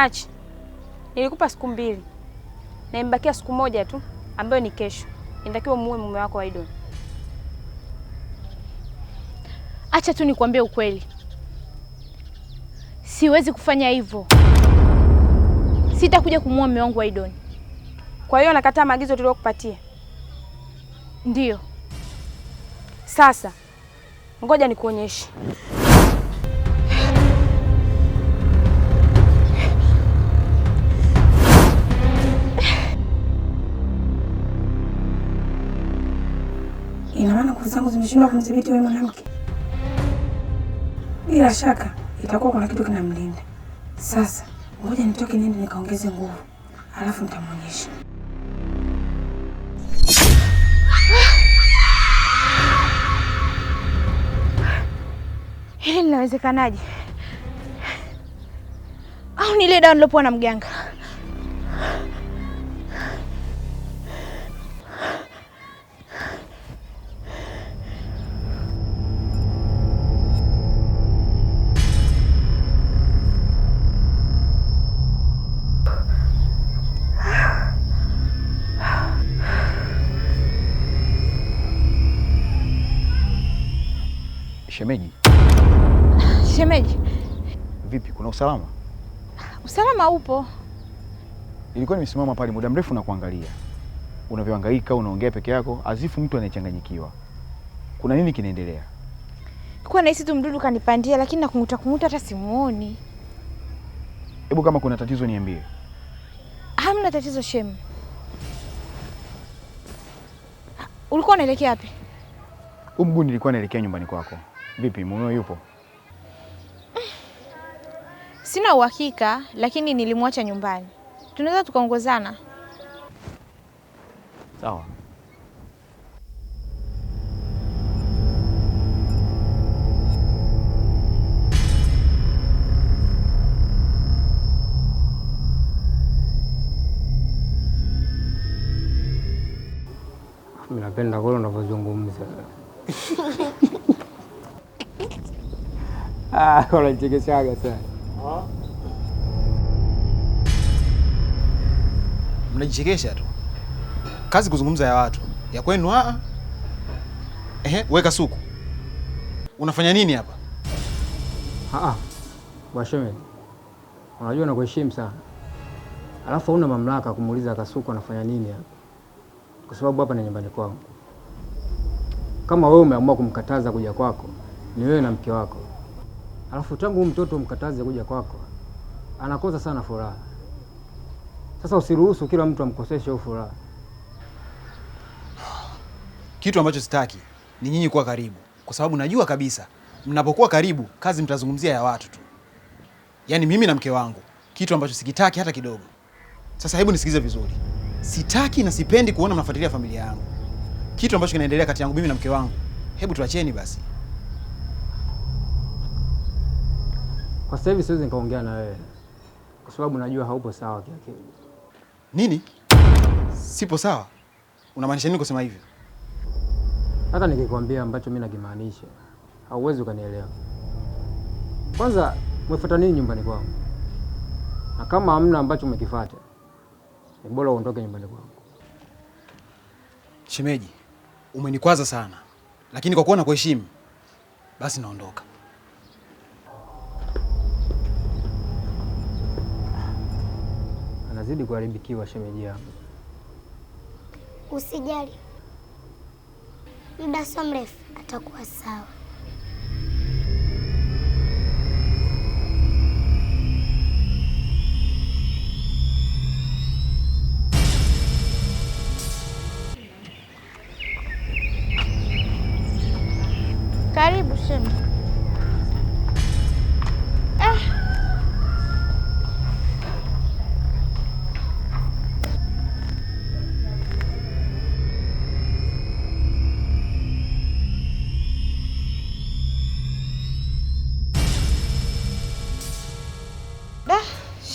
Nachi, nilikupa siku mbili na imebakia siku moja tu ambayo ni kesho. Inatakiwa muue mume wako Aidon. Acha tu nikwambie ukweli, siwezi kufanya hivyo. Sitakuja kumuua mume wangu Aidon. Kwa hiyo nakataa maagizo tuliyokupatia? Ndiyo. Sasa ngoja nikuonyeshe. nguvu zangu zimeshindwa kumdhibiti wewe mwanamke. Bila shaka itakuwa kuna kitu kinamlinda. Sasa ngoja nitoke niende nikaongeze nguvu, alafu nitamwonyesha. Hili linawezekanaje? Au ni ile dawa nilopewa na mganga? Shemeji. Shemeji. Vipi, kuna usalama? Usalama upo. Ilikuwa nimesimama pale muda mrefu na kuangalia unavyohangaika, unaongea peke yako, azifu mtu anayechanganyikiwa. Kuna nini kinaendelea? Kwa nahisi tu mdudu kanipandia, lakini nakunguta kunguta hata simuoni. Hebu kama kuna tatizo niambie. Hamna tatizo shemu. Ulikuwa unaelekea wapi? Huu mguu nilikuwa naelekea nyumbani kwako. Vipi, mumeo yupo? Sina uhakika, lakini nilimwacha nyumbani. Tunaweza tukaongozana. Sawa. Mimi napenda kule unavyozungumza. Ah, wananichekeshaga sana. Mnajichekesha tu, kazi kuzungumza ya watu ya kwenu. A, ehe, weka suku, unafanya nini hapa? Ah, ah. Bwashemeji, unajua nakuheshimu sana, alafu hauna mamlaka kumuuliza Kasuku anafanya nini hapa, kwa sababu hapa ni nyumbani kwangu. Kama wewe umeamua kumkataza kuja kwako, ni wewe na mke wako Alafu tangu mtoto mkataze kuja kwako, anakosa sana furaha. Sasa usiruhusu kila mtu amkoseshe furaha. Kitu ambacho sitaki ni nyinyi kuwa karibu, kwa sababu najua kabisa mnapokuwa karibu kazi mtazungumzia ya watu tu, yaani mimi na mke wangu, kitu ambacho sikitaki hata kidogo. Sasa hebu nisikize vizuri, sitaki na sipendi kuona mnafuatilia familia yangu, kitu ambacho kinaendelea kati yangu mimi na mke wangu. Hebu tuacheni basi. Kwa sasa hivi siwezi nikaongea na wewe kwa sababu najua haupo sawa kiakili. Nini? Sipo sawa? Unamaanisha nini kusema hivyo? Hata nikikwambia ambacho mimi nakimaanisha hauwezi ukanielewa. Kwanza umefuata nini nyumbani kwangu? Na kama hamna ambacho umekifuata, ni bora uondoke nyumbani kwangu. Shemeji, umenikwaza sana, lakini kwa kuwa nakuheshimu, basi naondoka. unazidi kuharibikiwa, shemeji yangu. Usijali, muda sio mrefu atakuwa sawa.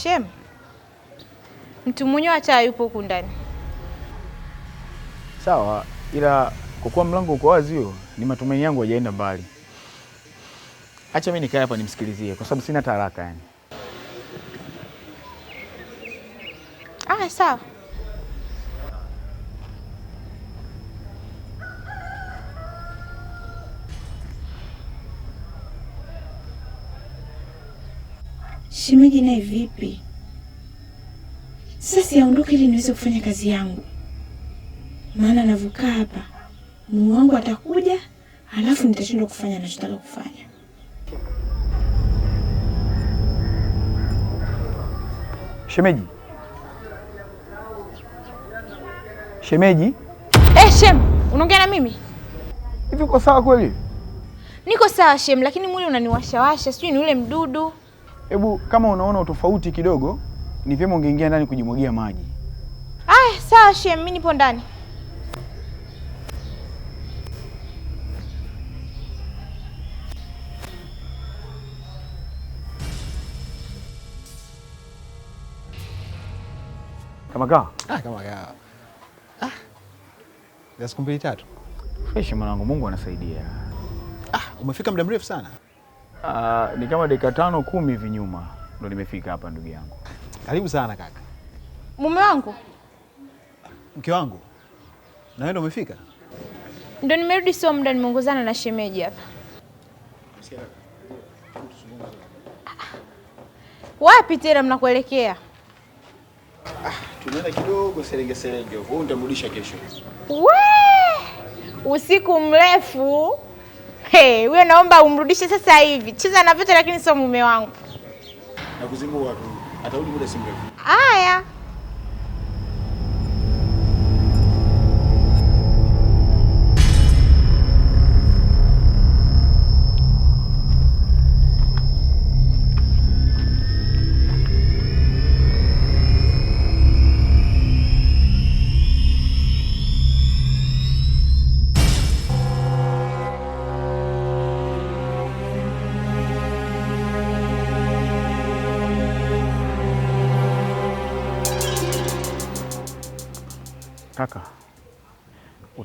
shemu, mtu mwenye acha yupo huku ndani. Sawa, ila kwa kuwa mlango uko wazi, hiyo ni matumaini yangu hajaenda mbali. Acha mimi nikae hapa nimsikilizie, kwa sababu sina taraka yani. Ah, sawa. Shemeji naye vipi? Sasa siaondoke ili niweze kufanya kazi yangu, maana navukaa hapa mume wangu atakuja, alafu nitashindwa kufanya nachotaka kufanya. Shemeji, shemeji. eh, shem, unaongea na mimi hivi? Uko sawa kweli? Niko sawa shem, lakini mwili unaniwashawasha, sijui ni ule mdudu Hebu kama unaona utofauti kidogo, ni vyema ungeingia ndani kujimwagia maji. Ah, sawa shem, mimi nipo ndani. Kama kaa ah, kama kaa ah, ya siku mbili tatu. Fresh mwanangu, Mungu anasaidia. Ah, umefika muda mrefu sana. Ah, ni kama dakika tano kumi hivi nyuma ndo nimefika hapa ndugu yangu. Karibu sana kaka. Mume wangu? Mke wangu. Na wewe ndo umefika? Ndo nimerudi, sio muda, nimeongozana na shemeji hapa. Wapi tena mnakuelekea? Ah, tunaenda kidogo Serenge Serenge huko. Nitamrudisha kesho. We! Usiku mrefu. Hey, wewe naomba umrudishe sasa hivi. Cheza na vitu lakini sio mume wangu. Nakuzingua tu. Atarudi muda si mrefu. Haya.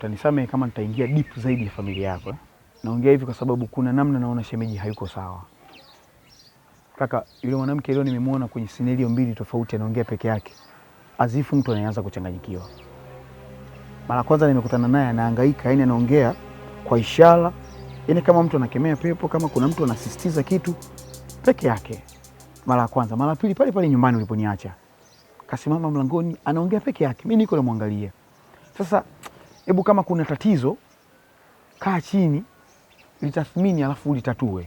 utanisame kama nitaingia deep zaidi ya familia yako. eh? Naongea hivi kwa sababu kuna namna naona shemeji hayuko sawa. Kaka, yule mwanamke leo nimemwona kwenye scenario mbili tofauti anaongea peke yake. Azifu mtu anaanza kuchanganyikiwa. Mara kwanza nimekutana naye anahangaika, yani anaongea kwa ishara, yani kama mtu anakemea pepo, kama kuna mtu anasisitiza kitu peke yake. Mara ya kwanza, mara pili pale pale nyumbani uliponiacha. Kasimama mlangoni anaongea peke yake. Mimi niko namwangalia. Sasa hebu kama kuna tatizo kaa chini litathmini, alafu litatue.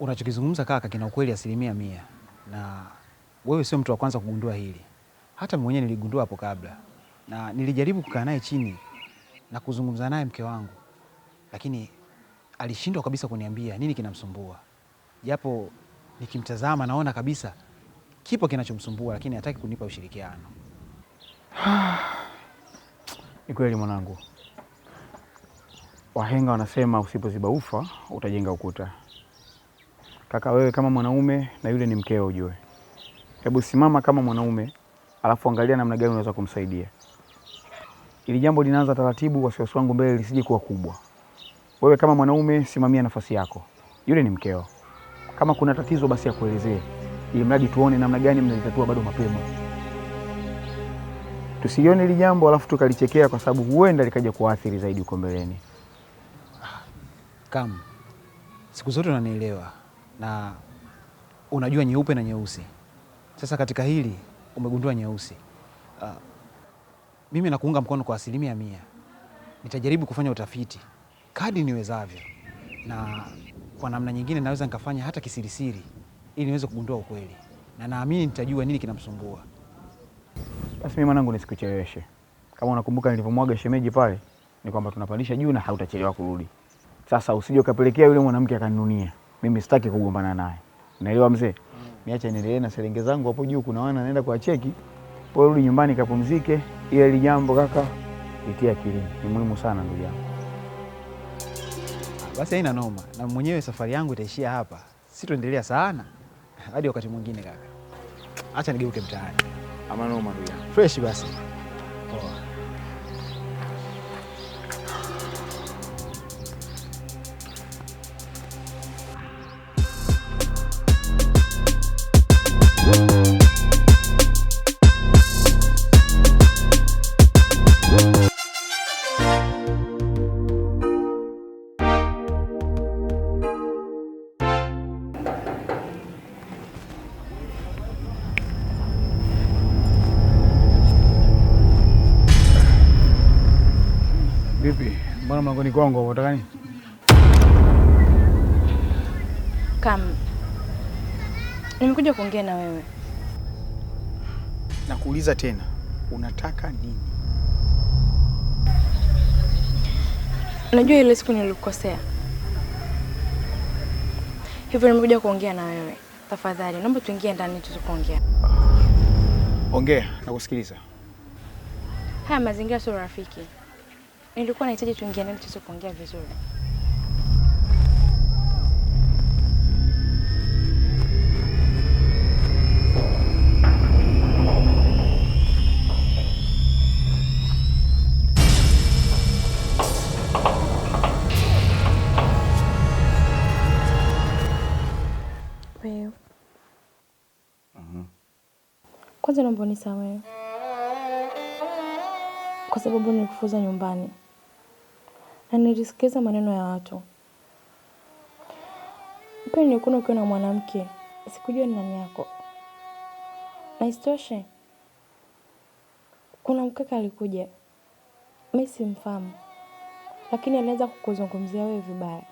Unachokizungumza kaka kina ukweli asilimia mia, na wewe sio mtu wa kwanza kugundua hili. Hata mimi mwenyewe niligundua hapo kabla, na nilijaribu kukaa naye chini na kuzungumza naye mke wangu, lakini alishindwa kabisa kuniambia nini kinamsumbua, japo nikimtazama naona kabisa kipo kinachomsumbua, lakini hataki kunipa ushirikiano. Ni kweli mwanangu, wahenga wanasema usipoziba ufa utajenga ukuta. Kaka wewe kama mwanaume na yule ni mkeo, ujue, hebu simama kama mwanaume, alafu angalia namna gani unaweza kumsaidia. Ili jambo linaanza taratibu, wasiwasi wangu mbele lisije kuwa kubwa. Wewe kama mwanaume simamia nafasi yako, yule ni mkeo. Kama kuna tatizo basi akuelezee, ili mradi tuone namna gani mnalitatua bado mapema tusione hili jambo alafu tukalichekea, kwa sababu huenda likaja kuathiri zaidi huko mbeleni. Kam, siku zote unanielewa na unajua nyeupe na nyeusi. Sasa katika hili umegundua nyeusi. Uh, mimi nakuunga mkono kwa asilimia mia. Nitajaribu kufanya utafiti kadi niwezavyo, na kwa namna nyingine naweza nikafanya hata kisirisiri, ili niweze kugundua ukweli, na naamini nitajua nini kinamsumbua. Basi mimi mwanangu, nisikucheleweshe. Kama unakumbuka nilivyomwaga shemeji pale, ni kwamba tunapandisha juu na hautachelewa kurudi. Sasa usije ukapelekea yule mwanamke akaninunia. Mimi sitaki kugombana naye, unaelewa mzee? Mm. Niache niendelee na serenge zangu hapo juu, kuna wana naenda kwa cheki Wewe rudi nyumbani kapumzike. Ile ile jambo kaka, litia akilini, ni muhimu sana ndugu yangu. Ah, basi haina noma, na mwenyewe safari yangu itaishia hapa, sitoendelea sana hadi wakati mwingine kaka. Acha nigeuke mtaani. Amanoma ndugu yangu. Fresh basi. mlangoni kwangu unataka nini? Kam, nimekuja kuongea na wewe. Nakuuliza tena, unataka nini? Najua ile siku nilikukosea, hivyo nimekuja kuongea na wewe. Tafadhali naomba tuingie ndani tukuongea. Ongea, nakusikiliza. Haya mazingira sio rafiki. Nilikuwa nahitaji tuingie ili tuweze kuongea vizuri. Mhm. Kwanza naomba unisamehe kwa sababu nilikufuza nyumbani na nilisikiza maneno ya watu. Pia nilikuona ukiwa na mwanamke, sikujua ni nani yako. Na isitoshe, kuna mkaka alikuja, mi simfahamu, lakini alianza kukuzungumzia wewe vibaya,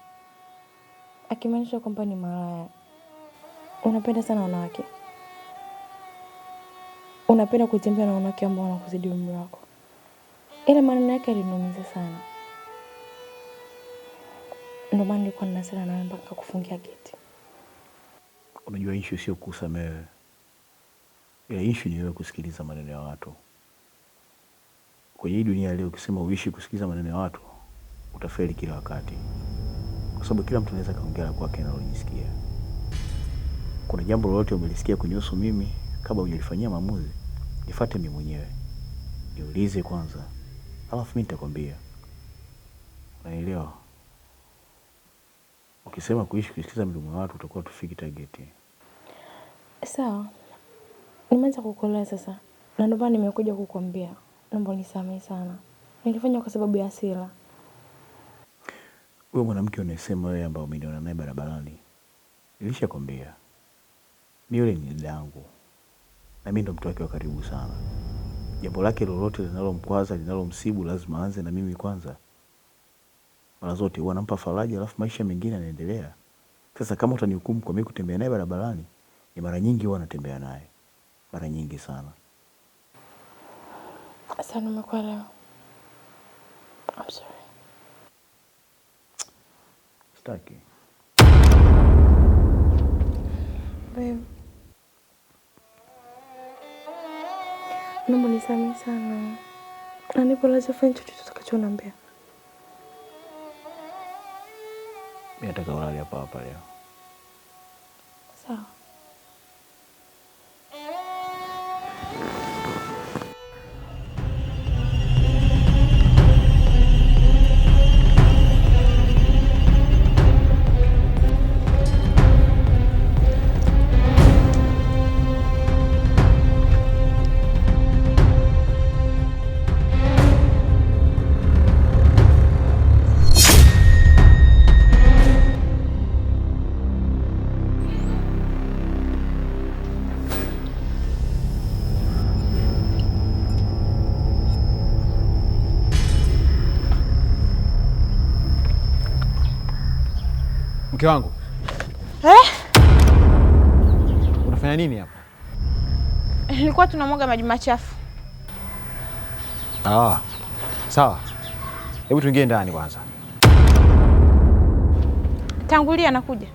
akimaanisha kwamba ni malaya. Unapenda sana wanawake, unapenda kutembea na wanawake ambao wanakuzidi umri wako. Ile maneno yake aliniumiza sana. Ndio maana nilikuwa ninasema nawe mpaka kufungia geti. Unajua issue sio kusamehe, ila issue ni wewe kusikiliza maneno ya watu. Kwenye hii dunia leo, ukisema uishi kusikiliza maneno ya watu utafeli kila wakati, kwa sababu kila mtu anaweza kaongea la kwake analojisikia. Kuna jambo lolote umelisikia kunihusu mimi kabla hujalifanyia maamuzi, nifate mimi mwenyewe, niulize kwanza, alafu mimi nitakwambia. Unaelewa? Ukisema kuishi kusikiza mdomo wa watu utakuwa tufiki target. Sawa, nimeanza kukuelewa sasa. Na ndio maana nimekuja kukuambia. Naomba unisamehe sana. Nilifanya kwa sababu ya hasira. Huyo mwanamke unayesema wewe ambao umeniona naye barabarani. Nilishakwambia. mi yule ni dada yangu. Na mimi ndo mtu wake wa karibu sana. Jambo lake lolote linalomkwaza, linalomsibu lazima aanze na mimi kwanza mara zote huwa nampa faraja alafu maisha mengine yanaendelea. Sasa kama utanihukumu kwa mimi kutembea naye barabarani, ni mara nyingi huwa natembea naye, mara nyingi sana. Hassan, umekuelewa? I'm sorry. Sitaki. Babe. Naomba unisamehe sana na nipo lazima fanye chochote utakachoniambia. Mimi nataka ulale hapa hapa leo. Sawa. mke wangu eh? Unafanya nini hapa? Nilikuwa tunamwaga maji machafu. Ah, sawa, hebu tuingie ndani kwanza. Tangulia, nakuja.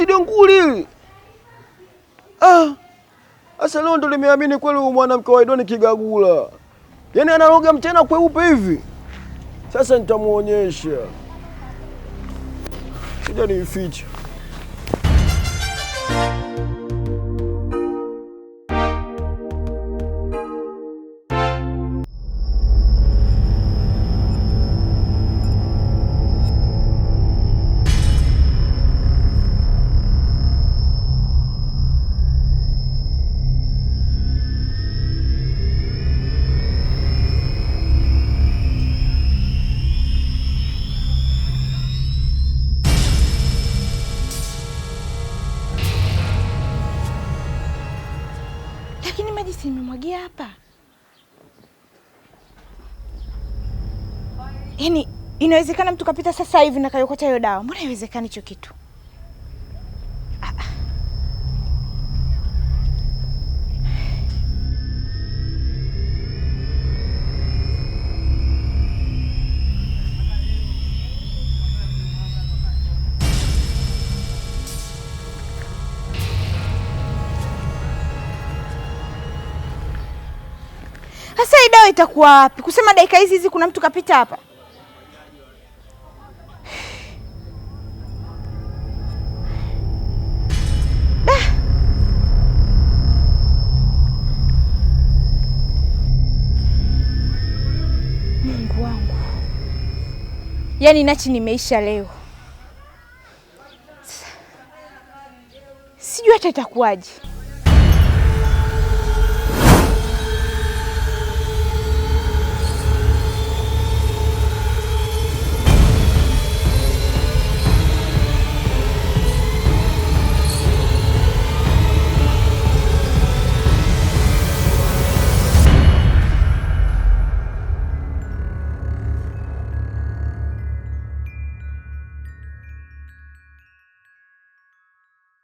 sidenguli sasa. Ah, leo ndo limeamini kweli mwanamke wa Idoni Kigagula, yaani analoga mchana kweupe hivi. Sasa nitamuonyesha, sija nimficha nimemwagia hapa? Yaani inawezekana mtu kapita sasa hivi na kayokota hiyo dawa? Mbona haiwezekani hicho kitu? itakuwa wapi? Kusema dakika hizi hizi kuna mtu kapita hapa. Mungu wangu, yaani nachi nimeisha leo, sijui hata itakuwaje.